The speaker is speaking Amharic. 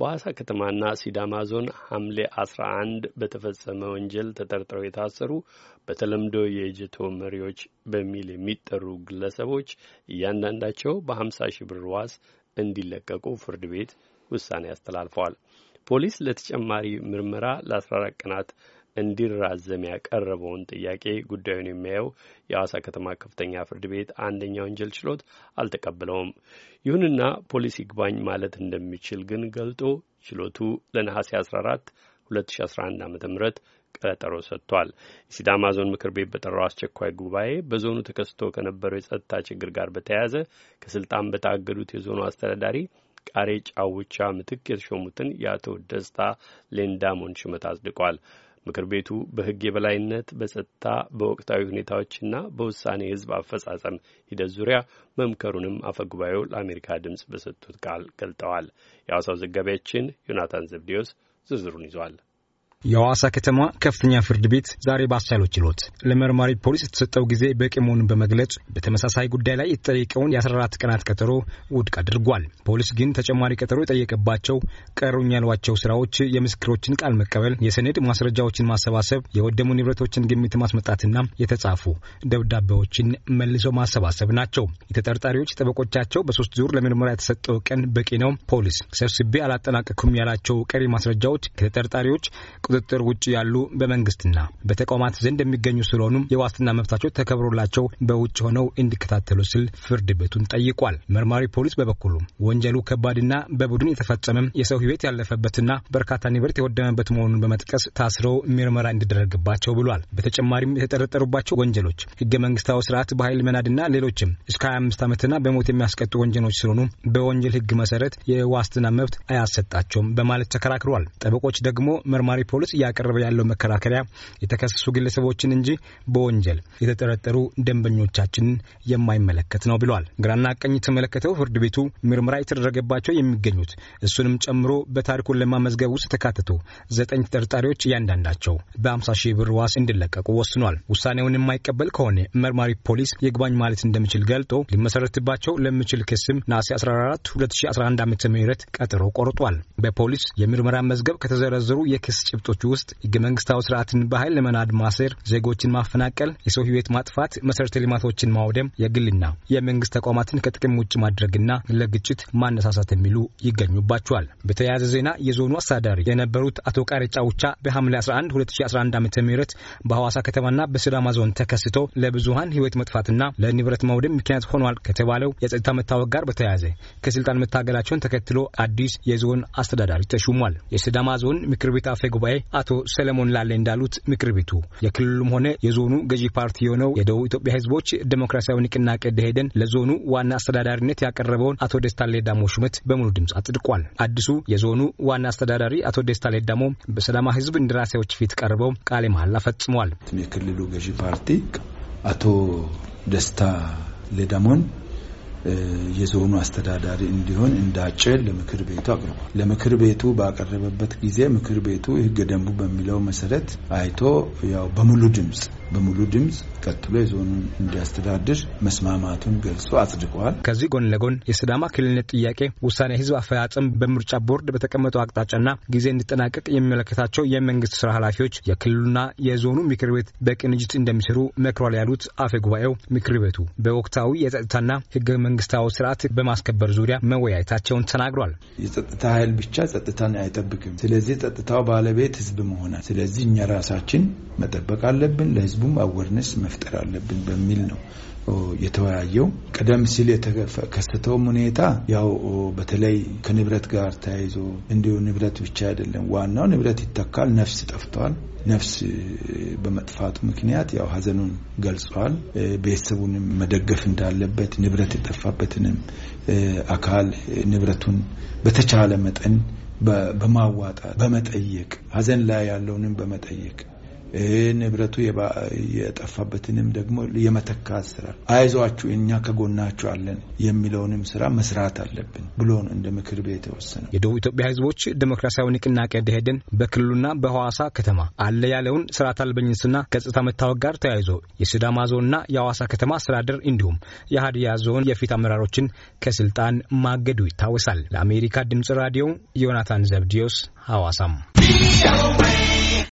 በሐዋሳ ከተማና ሲዳማ ዞን ሐምሌ 11 በተፈጸመ ወንጀል ተጠርጥረው የታሰሩ በተለምዶ የእጀቶ መሪዎች በሚል የሚጠሩ ግለሰቦች እያንዳንዳቸው በ50 ሺህ ብር ዋስ እንዲለቀቁ ፍርድ ቤት ውሳኔ አስተላልፈዋል። ፖሊስ ለተጨማሪ ምርመራ ለ14 ቀናት እንዲራዘም ያቀረበውን ጥያቄ ጉዳዩን የሚያየው የአዋሳ ከተማ ከፍተኛ ፍርድ ቤት አንደኛ ወንጀል ችሎት አልተቀበለውም። ይሁንና ፖሊስ ይግባኝ ማለት እንደሚችል ግን ገልጦ ችሎቱ ለነሐሴ 14 2011 ዓ ም ቀጠሮ ሰጥቷል። የሲዳማ ዞን ምክር ቤት በጠራው አስቸኳይ ጉባኤ በዞኑ ተከስቶ ከነበረው የጸጥታ ችግር ጋር በተያያዘ ከስልጣን በታገዱት የዞኑ አስተዳዳሪ ቃሬ ጫውቻ ምትክ የተሾሙትን የአቶ ደስታ ሌንዳሞን ሹመት አጽድቋል። ምክር ቤቱ በሕግ የበላይነት በጸጥታ በወቅታዊ ሁኔታዎችና በውሳኔ ሕዝብ አፈጻጸም ሂደት ዙሪያ መምከሩንም አፈጉባኤው ለአሜሪካ ድምፅ በሰጡት ቃል ገልጠዋል። የሐዋሳው ዘጋቢያችን ዮናታን ዘብዴዎስ ዝርዝሩን ይዟል። የሐዋሳ ከተማ ከፍተኛ ፍርድ ቤት ዛሬ ባስቻለው ችሎት ለመርማሪ ፖሊስ የተሰጠው ጊዜ በቂ መሆኑን በመግለጽ በተመሳሳይ ጉዳይ ላይ የተጠየቀውን የ14 ቀናት ቀጠሮ ውድቅ አድርጓል። ፖሊስ ግን ተጨማሪ ቀጠሮ የጠየቀባቸው ቀሩኝ ያሏቸው ስራዎች የምስክሮችን ቃል መቀበል፣ የሰነድ ማስረጃዎችን ማሰባሰብ፣ የወደሙ ንብረቶችን ግምት ማስመጣትና የተጻፉ ደብዳቤዎችን መልሶ ማሰባሰብ ናቸው። የተጠርጣሪዎች ጠበቆቻቸው በሶስት ዙር ለምርመራ የተሰጠው ቀን በቂ ነው፣ ፖሊስ ሰብስቤ አላጠናቀኩም ያላቸው ቀሪ ማስረጃዎች ከተጠርጣሪዎች ቁጥጥር ውጭ ያሉ በመንግስትና በተቋማት ዘንድ የሚገኙ ስለሆኑም የዋስትና መብታቸው ተከብሮላቸው በውጭ ሆነው እንዲከታተሉ ሲል ፍርድ ቤቱን ጠይቋል። መርማሪ ፖሊስ በበኩሉ ወንጀሉ ከባድና በቡድን የተፈጸመም የሰው ህይወት ያለፈበትና በርካታ ንብረት የወደመበት መሆኑን በመጥቀስ ታስረው ምርመራ እንዲደረግባቸው ብሏል። በተጨማሪም የተጠረጠሩባቸው ወንጀሎች ህገ መንግስታዊ ስርዓት በኃይል መናድና ሌሎችም እስከ 25 ዓመትና በሞት የሚያስቀጡ ወንጀሎች ስለሆኑ በወንጀል ህግ መሰረት የዋስትና መብት አያሰጣቸውም በማለት ተከራክሯል። ጠበቆች ደግሞ መርማሪ ፖሊስ እያቀረበ ያለው መከራከሪያ የተከሰሱ ግለሰቦችን እንጂ በወንጀል የተጠረጠሩ ደንበኞቻችንን የማይመለከት ነው ብሏል። ግራና ቀኝ የተመለከተው ፍርድ ቤቱ ምርመራ የተደረገባቸው የሚገኙት እሱንም ጨምሮ በታሪኩን ለማመዝገብ ውስጥ የተካተቱ ዘጠኝ ተጠርጣሪዎች እያንዳንዳቸው በ50 ሺህ ብር ዋስ እንዲለቀቁ ወስኗል። ውሳኔውን የማይቀበል ከሆነ መርማሪ ፖሊስ ይግባኝ ማለት እንደሚችል ገልጦ ሊመሰረትባቸው ለሚችል ክስም ነሐሴ 14 2011 ዓ ም ቀጠሮ ቆርጧል። በፖሊስ የምርመራ መዝገብ ከተዘረዘሩ የክስ ጭብ መብቶች ውስጥ ህገ መንግስታዊ ስርዓትን በኃይል ለመናድ ማሰር፣ ዜጎችን ማፈናቀል፣ የሰው ህይወት ማጥፋት፣ መሰረተ ልማቶችን ማውደም፣ የግልና የመንግስት ተቋማትን ከጥቅም ውጭ ማድረግና ለግጭት ማነሳሳት የሚሉ ይገኙባቸዋል። በተያያዘ ዜና የዞኑ አስተዳዳሪ የነበሩት አቶ ቃሬጫ ውቻ በሐምሌ 11 2011 ዓ ም በሐዋሳ ከተማና በሲዳማ ዞን ተከስቶ ለብዙሀን ህይወት መጥፋትና ለንብረት ማውደም ምክንያት ሆኗል ከተባለው የጸጥታ መታወቅ ጋር በተያያዘ ከስልጣን መታገላቸውን ተከትሎ አዲስ የዞን አስተዳዳሪ ተሹሟል። የሲዳማ ዞን ምክር ቤት አፈ ጉባኤ ጉዳይ አቶ ሰለሞን ላሌ እንዳሉት ምክር ቤቱ የክልሉም ሆነ የዞኑ ገዢ ፓርቲ የሆነው የደቡብ ኢትዮጵያ ህዝቦች ዴሞክራሲያዊ ንቅናቄ ደኢህዴን ለዞኑ ዋና አስተዳዳሪነት ያቀረበውን አቶ ደስታ ሌዳሞ ሹመት በሙሉ ድምፅ አጽድቋል። አዲሱ የዞኑ ዋና አስተዳዳሪ አቶ ደስታ ሌዳሞ በሰላማ ህዝብ እንደራሴዎች ፊት ቀርበው ቃለ መሐላ ፈጽሟል። የክልሉ ገዢ ፓርቲ አቶ ደስታ ሌዳሞን የዞኑ አስተዳዳሪ እንዲሆን እንዳጭል ለምክር ቤቱ አቅርቧል። ለምክር ቤቱ ባቀረበበት ጊዜ ምክር ቤቱ ህገ ደንቡ በሚለው መሰረት አይቶ ያው በሙሉ ድምፅ በሙሉ ድምፅ ቀጥሎ የዞኑን እንዲያስተዳድር መስማማቱን ገልጾ አጽድቀዋል። ከዚህ ጎን ለጎን የሰዳማ ክልልነት ጥያቄ ውሳኔ ህዝብ አፈጻጸም በምርጫ ቦርድ በተቀመጠው አቅጣጫና ጊዜ እንዲጠናቀቅ የሚመለከታቸው የመንግስት ስራ ኃላፊዎች የክልሉና የዞኑ ምክር ቤት በቅንጅት እንደሚሰሩ መክሯል ያሉት አፈ ጉባኤው ምክር ቤቱ በወቅታዊ የጸጥታና ህገ መንግስታዊ ስርዓት በማስከበር ዙሪያ መወያየታቸውን ተናግሯል። የጸጥታ ኃይል ብቻ ጸጥታን አይጠብቅም። ስለዚህ የጸጥታው ባለቤት ህዝብ መሆናል። ስለዚህ እኛ ራሳችን መጠበቅ አለብን ለህዝቡ ህዝቡም አወርነስ መፍጠር አለብን በሚል ነው የተወያየው። ቀደም ሲል የተከሰተውም ሁኔታ ያው በተለይ ከንብረት ጋር ተያይዞ እንዲሁ ንብረት ብቻ አይደለም። ዋናው ንብረት ይተካል። ነፍስ ጠፍቷል። ነፍስ በመጥፋቱ ምክንያት ያው ሀዘኑን ገልጿል። ቤተሰቡንም መደገፍ እንዳለበት ንብረት የጠፋበትንም አካል ንብረቱን በተቻለ መጠን በማዋጣት በመጠየቅ ሀዘን ላይ ያለውንም በመጠየቅ ንብረቱ የጠፋበትንም ደግሞ የመተካት ስራ አይዟችሁ፣ እኛ ከጎናችሁ አለን የሚለውንም ስራ መስራት አለብን ብሎ እንደ ምክር ቤት የወሰነው። የደቡብ ኢትዮጵያ ህዝቦች ዴሞክራሲያዊ ንቅናቄ ደኢህዴን በክልሉና በሐዋሳ ከተማ አለ ያለውን ስርዓት አልበኝነትና ገጽታ መታወቅ ጋር ተያይዞ የሲዳማ ዞንና የሐዋሳ ከተማ አስተዳደር እንዲሁም የሀዲያ ዞን የፊት አመራሮችን ከስልጣን ማገዱ ይታወሳል። ለአሜሪካ ድምጽ ራዲዮ ዮናታን ዘብዲዮስ ሐዋሳም